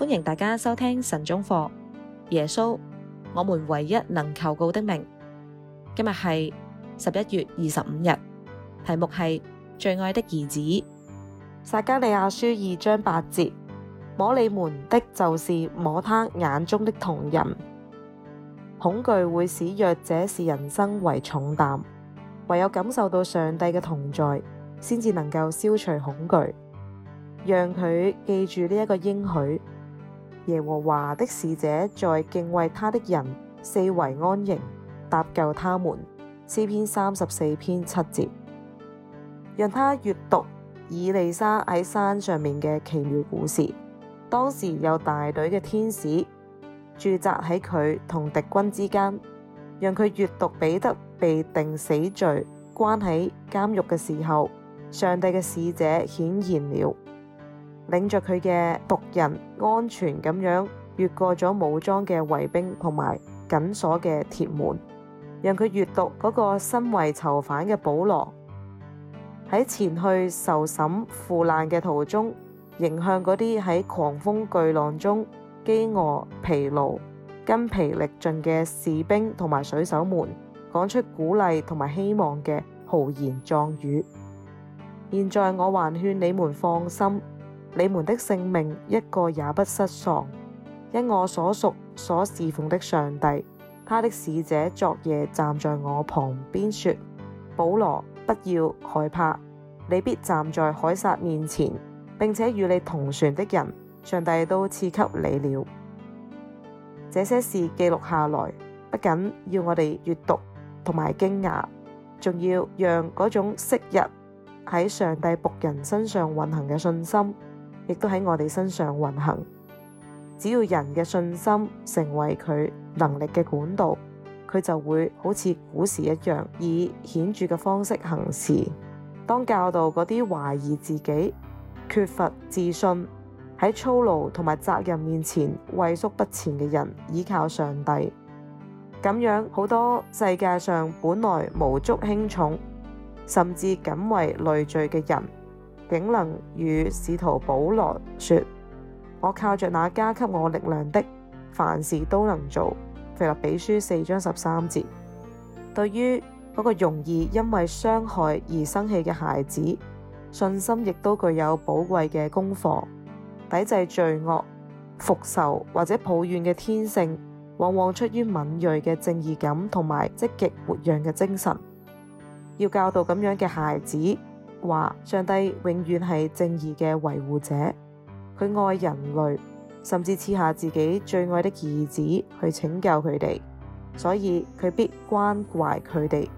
歡迎大家收聽神中課，耶穌，我們唯一能求告的名。今日係十一月二十五日，題目係最愛的兒子。撒加利亞書二章八節，摸你們的就是摸他眼中的瞳仁。恐懼會使弱者視人生為重擔，唯有感受到上帝嘅同在，先至能夠消除恐懼，讓佢記住呢一個應許。耶和華的使者在敬畏他的人四圍安營，搭救他們。詩篇三十四篇七節，讓他閱讀以利沙喺山上面嘅奇妙故事。當時有大隊嘅天使駐紮喺佢同敵軍之間，讓佢閱讀彼得被定死罪、關喺監獄嘅時候，上帝嘅使者顯現了。領着佢嘅僕人，安全咁樣越過咗武裝嘅衛兵同埋緊鎖嘅鐵門，讓佢閱讀嗰個身為囚犯嘅保羅喺前去受審赴難嘅途中，迎向嗰啲喺狂風巨浪中飢餓、疲勞、筋疲力盡嘅士兵同埋水手們講出鼓勵同埋希望嘅豪言壯語。現在我還勸你們放心。你們的性命一個也不失喪，因我所屬所侍奉的上帝，他的使者昨夜站在我旁邊說：保羅，不要害怕，你必站在凱撒面前，並且與你同船的人，上帝都賜給你了。這些事記錄下來，不僅要我哋閱讀同埋驚訝，仲要讓嗰種昔日喺上帝僕人身上運行嘅信心。亦都喺我哋身上運行，只要人嘅信心成為佢能力嘅管道，佢就會好似古時一樣，以顯著嘅方式行事。當教導嗰啲懷疑自己、缺乏自信、喺操勞同埋責任面前畏縮不前嘅人依靠上帝，咁樣好多世界上本來無足輕重，甚至僅為累贅嘅人，竟能與使徒保羅說：我靠着那加給我力量的，凡事都能做。腓立比書四章十三節，對於嗰個容易因為傷害而生氣嘅孩子，信心亦都具有寶貴嘅功課，抵制罪惡、復仇或者抱怨嘅天性，往往出於敏鋭嘅正義感同埋積極活躍嘅精神，要教導咁樣嘅孩子。話上帝永遠係正義嘅維護者，佢愛人類，甚至賜下自己最愛的兒子去拯救佢哋，所以佢必關懷佢哋，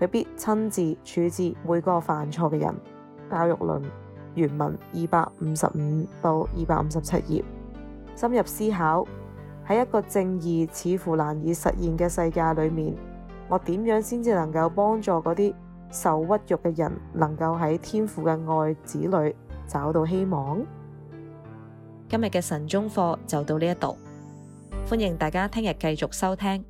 佢必親自處置每個犯錯嘅人。教育論，原文二百五十五到二百五十七頁，深入思考，喺一個正義似乎難以實現嘅世界裏面，我點樣先至能夠幫助嗰啲受屈辱嘅人能夠喺天父嘅愛子裏找到希望。今日嘅晨鐘課就到呢一度，歡迎大家聽日繼續收聽。